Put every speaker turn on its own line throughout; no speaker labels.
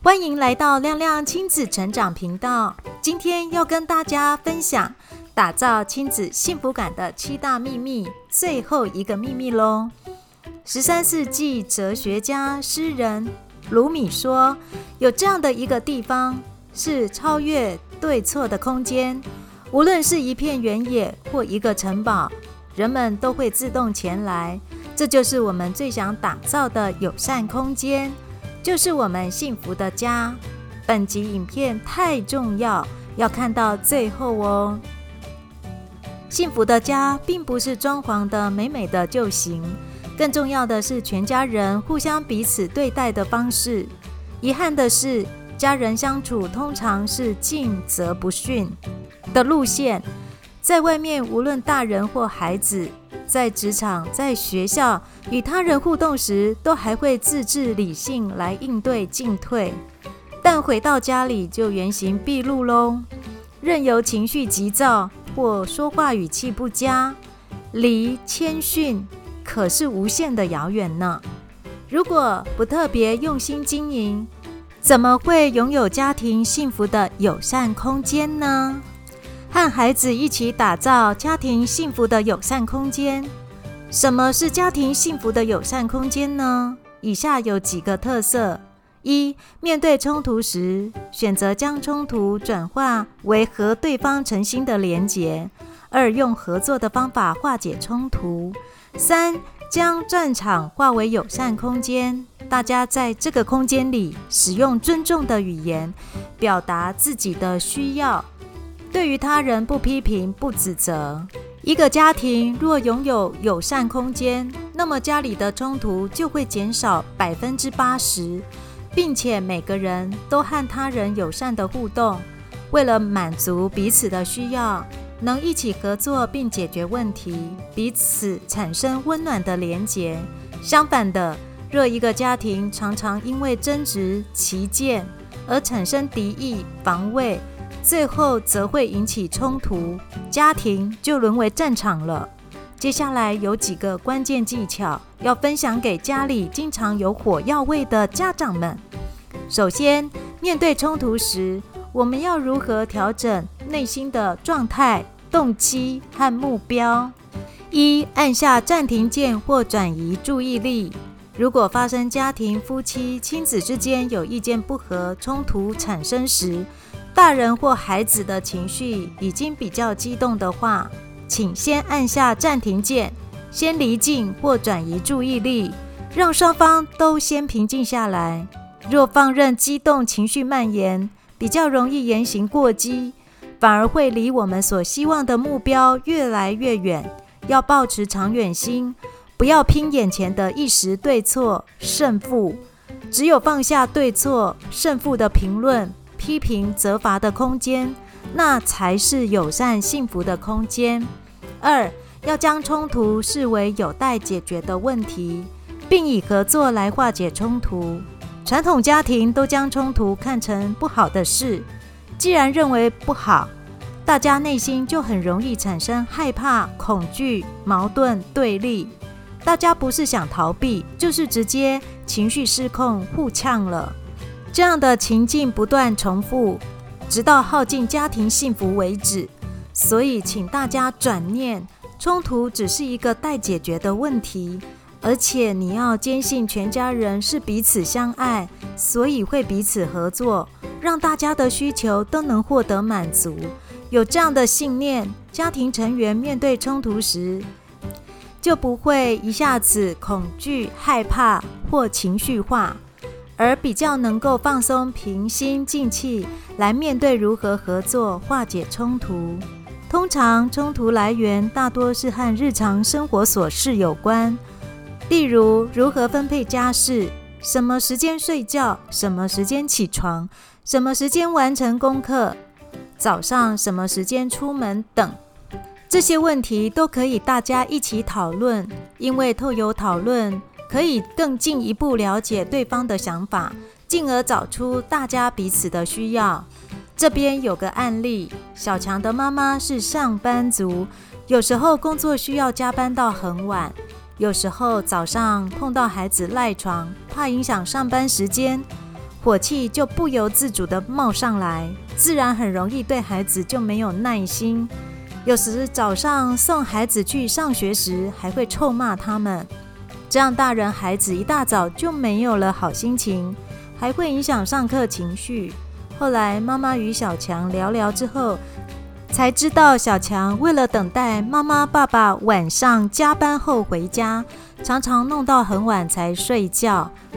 歡迎來到亮亮親子成長頻道。今天要跟大家分享打造親子幸福感的七大祕密，最後一個祕密嘍。十三世紀哲學家詩人魯米說：“有這樣的一個地方，是超越對錯的空間。無論是一片原野或一個城堡，人們都會自動前來。這就是我們最想打造的友善空間。”就是我們幸福的家。本集影片太重要，要看到最後哦！幸福的家，並不是裝潢得美美的就行，更重要的是全家人互相彼此對待的方式。遺憾的是，家人相處通常是近則不遜的路線。在外面，無論大人或孩子。在職場、在學校與他人互動時，都還會自制理性來應對進退，但回到家裡就原形畢露嘍，任由情緒急躁或說話語氣不佳，離謙遜可是無限的遙遠呢。如果不特別用心經營，怎麼會擁有家庭幸福的友善空間呢？和孩子一起打造家庭幸福的友善空間。什麼是家庭幸福的友善空間呢？以下有幾個特色：一、面對衝突時，選擇將衝突轉化為和對方誠心的連結；二、用合作的方法化解衝突；三、將戰場化為友善空間。大家在這個空間裡使用尊重的語言，表達自己的需要。對於他人不批評、不指責。一個家庭若擁有友善空間，那麼家裡的衝突就會減少百分之八十，並且每個人都和他人友善的互動，為了滿足彼此的需要，能一起合作並解決問題，彼此產生溫暖的連結。相反的，若一個家庭常常因為爭執、歧見而產生敵意、防衛。最後則會引起衝突，家庭就淪為戰場了。接下來有幾個關鍵技巧要分享給家裡經常有火藥味的家長們。首先，面對衝突時，我們要如何調整內心的狀態、動機和目標？一、按下暫停鍵或轉移注意力。如果發生家庭、夫妻、親子之間有意見不合、衝突產生時，大人或孩子的情緒已經比較激動的話，請先按下暫停鍵，先離境或轉移注意力，讓雙方都先平靜下來。若放任激動情緒蔓延，比較容易言行過激，反而會離我們所希望的目標越來越遠。要保持長遠心，不要拼眼前的一時對錯勝負。只有放下對錯勝負的評論。批評責罰的空間，那才是友善幸福的空間。二，要將衝突視為有待解決的問題，並以合作來化解衝突。傳統家庭都將衝突看成不好的事，既然認為不好，大家內心就很容易產生害怕、恐懼、矛盾、對立。大家不是想逃避，就是直接情緒失控，互嗆了。這樣的情境不斷重複，直到耗盡家庭幸福為止。所以，請大家轉念，衝突只是一個待解決的問題，而且你要堅信全家人是彼此相愛，所以會彼此合作，讓大家的需求都能獲得滿足。有這樣的信念，家庭成員面對衝突時，就不會一下子恐懼、害怕或情緒化。而比較能夠放鬆、平心靜氣來面對如何合作化解衝突。通常衝突來源大多是和日常生活瑣事有關，例如如何分配家事、什麼時間睡覺、什麼時間起床、什麼時間完成功課、早上什麼時間出門等。這些問題都可以大家一起討論，因為透有討論。可以更進一步了解對方的想法，進而找出大家彼此的需要。這邊有個案例：小強的媽媽是上班族，有時候工作需要加班到很晚，有時候早上碰到孩子賴床，怕影響上班時間，火氣就不由自主的冒上來，自然很容易對孩子就沒有耐心。有時早上送孩子去上學時，還會臭罵他們。這樣，大人孩子一大早就沒有了好心情，還會影響上課情緒。後來，媽媽與小強聊聊之後，才知道小強為了等待媽媽、爸爸晚上加班後回家，常常弄到很晚才睡覺。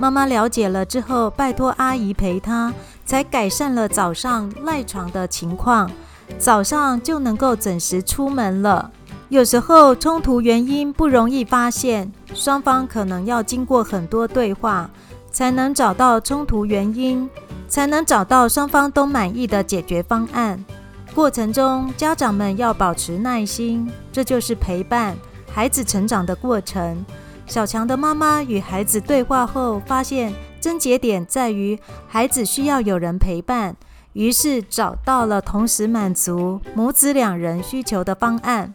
媽媽了解了之後，拜托阿姨陪他，才改善了早上賴床的情況，早上就能夠準時出門了。有時候衝突原因不容易發現，雙方可能要經過很多對話才能找到衝突原因，才能找到雙方都滿意的解決方案。過程中，家長們要保持耐心，這就是陪伴孩子成長的過程。小強的媽媽與孩子對話後，發現症結點在於孩子需要有人陪伴，於是找到了同時滿足母子兩人需求的方案。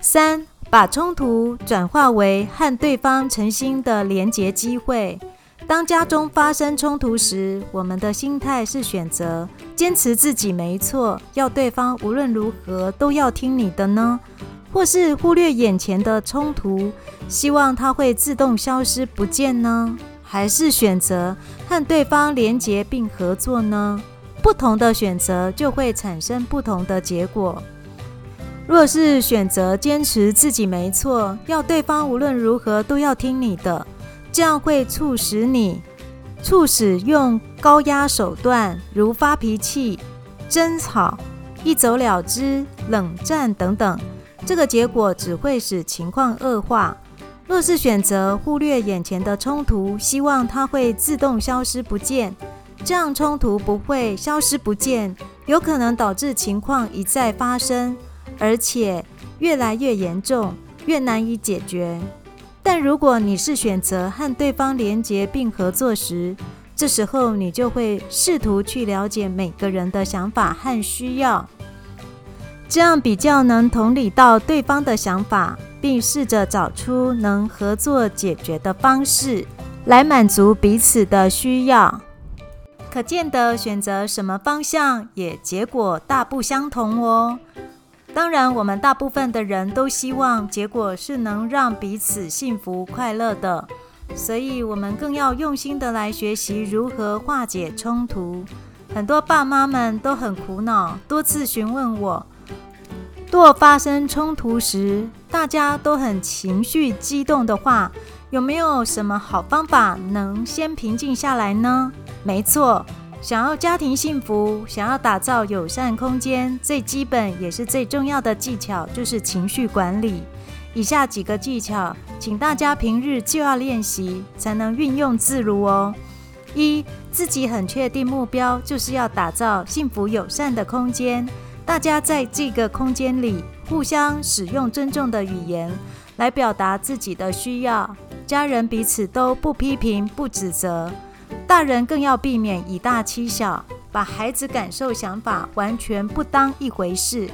三把衝突轉化為和對方誠心的連結機會。當家中發生衝突時，我們的心態是選擇堅持自己沒錯，要對方無論如何都要聽你的呢？或是忽略眼前的衝突，希望它會自動消失不見呢？還是選擇和對方連結並合作呢？不同的選擇就會產生不同的結果。若是選擇堅持自己沒錯，要對方無論如何都要聽你的，這樣會促使你促使用高壓手段，如發脾氣、爭吵、一走了之、冷戰等等。這個結果只會使情況惡化。若是選擇忽略眼前的衝突，希望它會自動消失不見，這樣衝突不會消失不見，有可能導致情況一再發生。而且越來越嚴重，越難以解決。但如果你是選擇和對方連結並合作時，這時候你就會試圖去了解每個人的想法和需要，這樣比較能同理到對方的想法，並試着找出能合作解決的方式，來滿足彼此的需要。可見得選擇什麼方向，也結果大不相同哦。當然，我們大部分的人都希望結果是能讓彼此幸福快樂的，所以，我們更要用心的來學習如何化解衝突。很多爸媽們都很苦惱，多次詢問我：若發生衝突時，大家都很情緒激動的話，有沒有什麼好方法能先平靜下來呢？沒錯。想要家庭幸福，想要打造友善空間，最基本也是最重要的技巧就是情緒管理。以下幾個技巧，請大家平日就要練習，才能運用自如哦。一，自己很確定目標，就是要打造幸福友善的空間。大家在這個空間裡，互相使用尊重的語言來表達自己的需要，家人彼此都不批評、不指責。大人更要避免以大欺小，把孩子感受、想法完全不當一回事。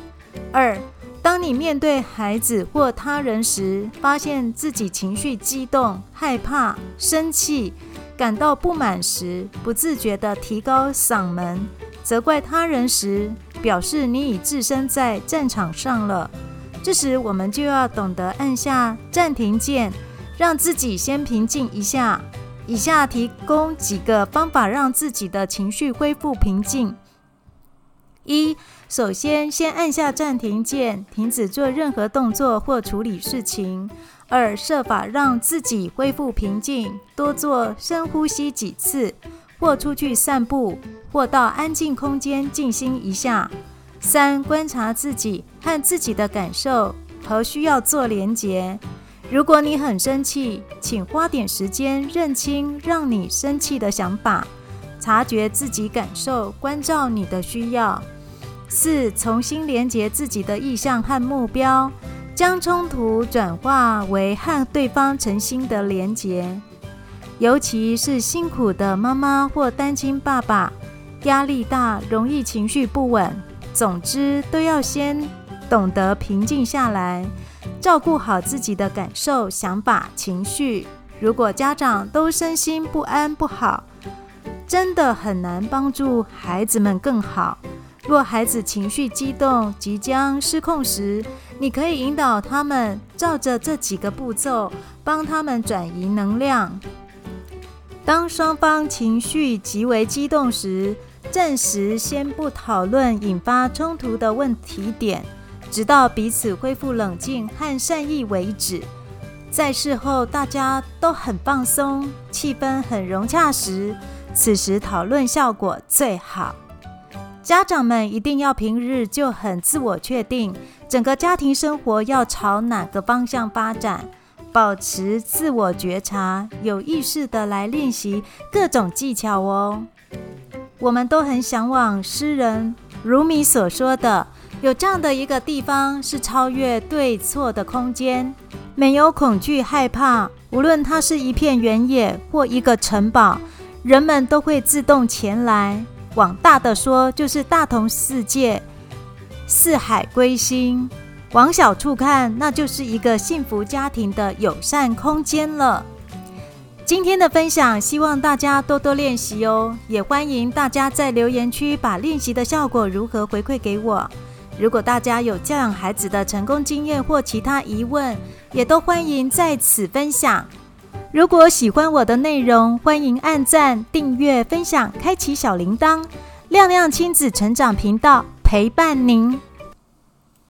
二，當你面對孩子或他人時，發現自己情緒激動、害怕、生氣，感到不滿時，不自覺地提高嗓門，責怪他人時，表示你已置身在戰場上了。這時，我們就要懂得按下暫停鍵，讓自己先平靜一下。以下提供幾個方法，讓自己的情緒恢復平靜：一、首先，先按下暫停鍵，停止做任何動作或處理事情；二、設法讓自己恢復平靜，多做深呼吸幾次，或出去散步，或到安靜空間靜心一下；三、觀察自己和自己的感受，和需要做連結。如果你很生氣，請花點時間認清讓你生氣的想法，察覺自己感受，關照你的需要。四、重新連接自己的意向和目標，將衝突轉化為和對方誠心的連結。尤其是辛苦的媽媽或單親爸爸，壓力大，容易情緒不穩。總之，都要先懂得平靜下來。照顧好自己的感受、想法、情緒。如果家長都身心不安不好，真的很難幫助孩子們更好。若孩子情緒激動、即將失控時，你可以引導他們照着這幾個步驟，幫他們轉移能量。當雙方情緒極為激動時，暫時先不討論引發衝突的問題點。直到彼此恢復冷靜和善意為止，在事後大家都很放鬆，氣氛很融洽時，此時討論效果最好。家長們一定要平日就很自我確定，整個家庭生活要朝哪個方向發展，保持自我覺察，有意識地來練習各種技巧哦。我們都很嚮往詩人如米所說的。有這樣的一個地方，是超越對錯的空間，沒有恐懼、害怕。無論它是一片原野或一個城堡，人們都會自動前來。往大的說，就是大同世界，四海歸心；往小處看，那就是一個幸福家庭的友善空間了。今天的分享，希望大家多多練習哦，也歡迎大家在留言區把練習的效果如何回饋給我。如果大家有教養孩子的成功經驗或其他疑問，也都歡迎在此分享。如果喜歡我的內容，歡迎按讚、訂閱、分享、開啟小鈴鐺，亮亮親子成長頻道陪伴您。